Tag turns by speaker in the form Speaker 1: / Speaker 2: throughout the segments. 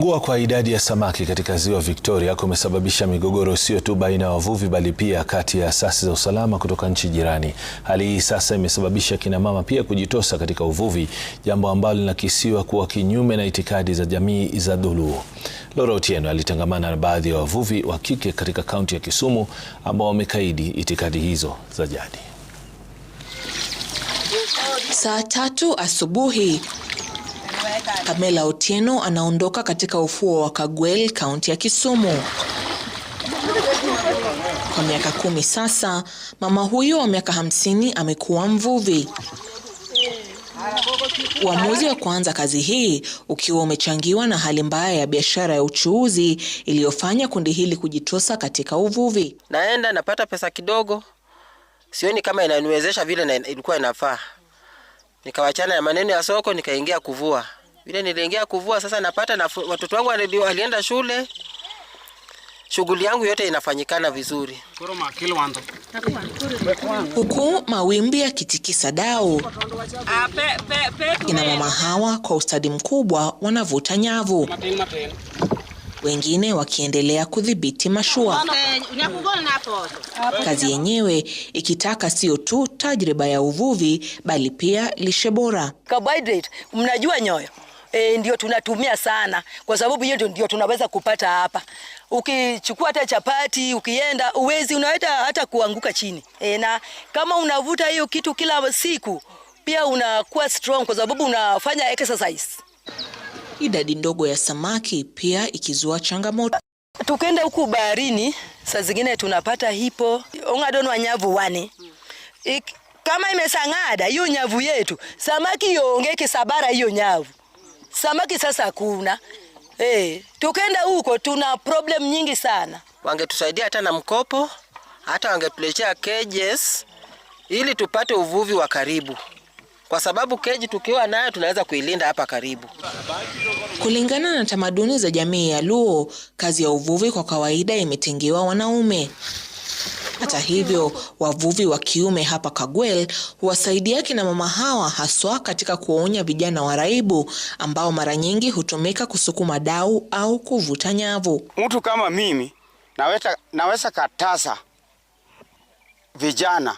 Speaker 1: Kupungua kwa idadi ya samaki katika ziwa Victoria kumesababisha migogoro sio tu baina ya wavuvi bali pia kati ya asasi za usalama kutoka nchi jirani. Hali hii sasa imesababisha kina mama pia kujitosa katika uvuvi, jambo ambalo linakisiwa kuwa kinyume na itikadi za jamii za Dholuo. Lora Otieno alitangamana na baadhi ya wavuvi wa kike katika kaunti ya Kisumu ambao wamekaidi itikadi hizo za jadi.
Speaker 2: Saa tatu asubuhi Pamela Otieno anaondoka katika ufuo wa Kagwel, kaunti ya Kisumu. Kwa miaka kumi sasa, mama huyo wa miaka hamsini amekuwa mvuvi. Uamuzi wa kuanza kazi hii ukiwa umechangiwa na hali mbaya ya biashara ya uchuuzi iliyofanya kundi hili kujitosa katika uvuvi.
Speaker 3: Naenda napata pesa kidogo, sioni kama inaniwezesha vile na ilikuwa inafaa nikawachana na maneno ya soko, nikaingia kuvua. Vile niliingia kuvua, sasa napata na watoto wangu walienda shule, shughuli yangu yote inafanyikana vizuri,
Speaker 2: huku mawimbi ya kitikisa dau. Ah, Kina mama hawa kwa ustadi mkubwa wanavuta nyavu wengine wakiendelea kudhibiti mashua. Kazi yenyewe ikitaka sio tu tajriba ya uvuvi bali pia lishe bora.
Speaker 4: Carbohydrate, mnajua nyoyo E, ndio tunatumia sana kwa sababu hiyo ndio tunaweza kupata hapa. Ukichukua hata chapati ukienda uwezi unaweza hata kuanguka chini e, na kama unavuta hiyo kitu kila siku pia unakuwa strong kwa sababu unafanya exercise
Speaker 2: idadi ndogo ya samaki pia ikizua changamoto.
Speaker 4: Tukenda huku baharini, saa zingine tunapata hipo ongadonwa nyavu wane Ik, kama imesang'ada hiyo nyavu yetu, samaki yongeke sabara hiyo nyavu samaki sasa kuna eh, tukenda huko tuna problem nyingi sana.
Speaker 5: Wangetusaidia hata na mkopo, hata wangetuletea cages ili tupate uvuvi wa karibu kwa sababu keji tukiwa nayo tunaweza kuilinda hapa karibu.
Speaker 2: Kulingana na tamaduni za jamii ya Luo, kazi ya uvuvi kwa kawaida imetengewa wanaume. Hata hivyo, wavuvi wa kiume hapa Kagwel huwasaidia kina mama hawa haswa katika kuonya vijana waraibu ambao mara nyingi hutumika kusukuma dau au kuvuta nyavu.
Speaker 6: Mtu kama mimi naweza, naweza katasa vijana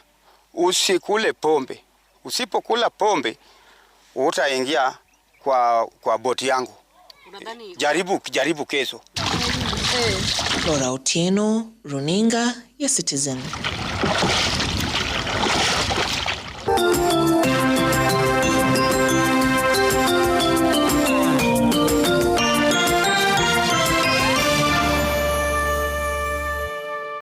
Speaker 6: usikule pombe usipokula pombe utaingia kwa, kwa boti yangu. Jaribu, jaribu kesho.
Speaker 2: Laura Otieno, Runinga ya Citizen.